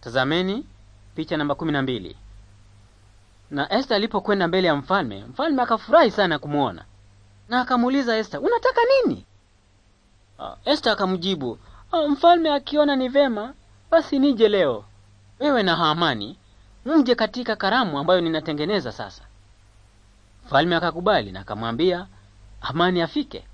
Tazameni picha namba kumi na mbili. Na Esther alipokwenda mbele ya mfalme, mfalme akafurahi sana kumwona na akamuuliza Esther, unataka nini? Uh, ah, Esther akamjibu, uh, mfalme akiona ni vema basi nije leo, wewe na Haamani mje katika karamu ambayo ninatengeneza sasa. Mfalme akakubali na akamwambia Hamani afike.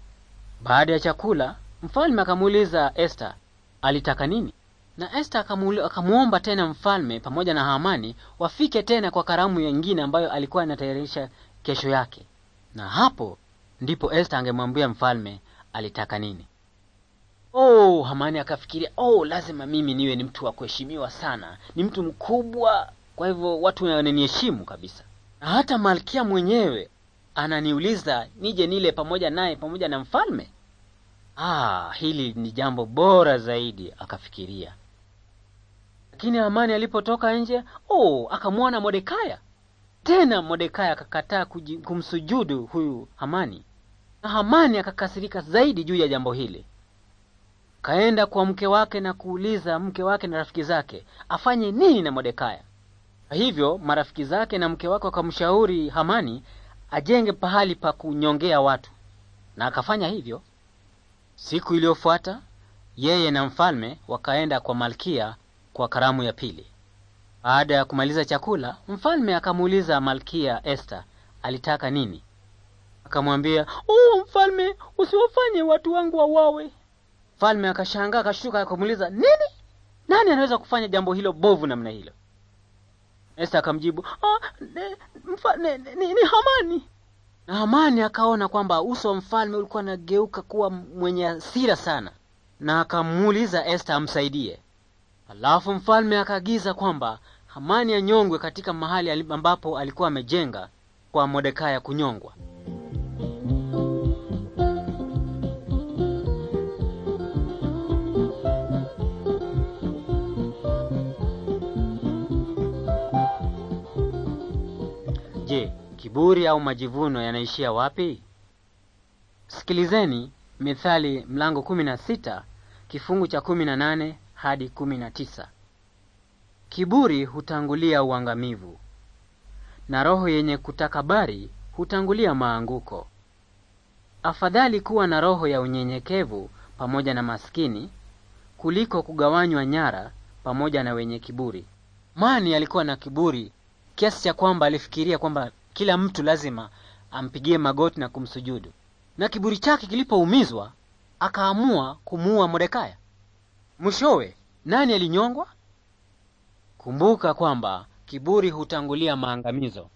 Baada ya chakula, mfalme akamuuliza Esther alitaka nini na Esther akamwomba tena mfalme pamoja na Hamani wafike tena kwa karamu nyingine ambayo alikuwa anatayarisha kesho yake, na hapo ndipo Esther angemwambia mfalme alitaka nini. Oh, Hamani akafikiria, oh, lazima mimi niwe ni mtu wa kuheshimiwa sana, ni mtu mkubwa, kwa hivyo watu wananiheshimu kabisa, na hata malkia mwenyewe ananiuliza nije nile pamoja naye pamoja na mfalme. Ah, hili ni jambo bora zaidi, akafikiria. Lakini Hamani alipotoka nje, oh, akamwona Modekaya. Tena Modekaya akakataa kumsujudu huyu Hamani, na Hamani akakasirika zaidi juu ya jambo hili. Kaenda kwa mke wake na kuuliza mke wake na rafiki zake afanye nini na Modekaya. Kwa hivyo marafiki zake na mke wake wakamshauri Hamani ajenge pahali pa kunyongea watu, na akafanya hivyo. Siku iliyofuata yeye na mfalme wakaenda kwa Malkia kwa karamu ya pili. Baada ya kumaliza chakula, mfalme akamuuliza Malkia Esther alitaka nini. Akamwambia, "Oh mfalme, usiwafanye watu wangu wawawe." Mfalme akashangaa, akashuka, akamuuliza, "Nini? Nani anaweza kufanya jambo hilo bovu namna hilo?" Esther akamjibu, "Ah, ne, mfa, ne, ne, ni, ni Hamani." Na Hamani akaona kwamba uso wa mfalme ulikuwa unageuka kuwa mwenye hasira sana, na akamuuliza Esther amsaidie alafu mfalme akaagiza kwamba Hamani anyongwe katika mahali ambapo alikuwa amejenga kwa ya kunyongwa. Je, kiburi au majivuno yanaishia wapi? Sikilizeni Mithali mlango 16 kifungu cha 18 hadi kumi na tisa. Kiburi hutangulia uangamivu na roho yenye kutakabari hutangulia maanguko. Afadhali kuwa na roho ya unyenyekevu pamoja na maskini kuliko kugawanywa nyara pamoja na wenye kiburi. Mani alikuwa na kiburi kiasi cha kwamba alifikiria kwamba kila mtu lazima ampigie magoti na kumsujudu, na kiburi chake kilipoumizwa, akaamua kumuua Mordekai. Mwishowe, nani alinyongwa? Kumbuka kwamba kiburi hutangulia maangamizo.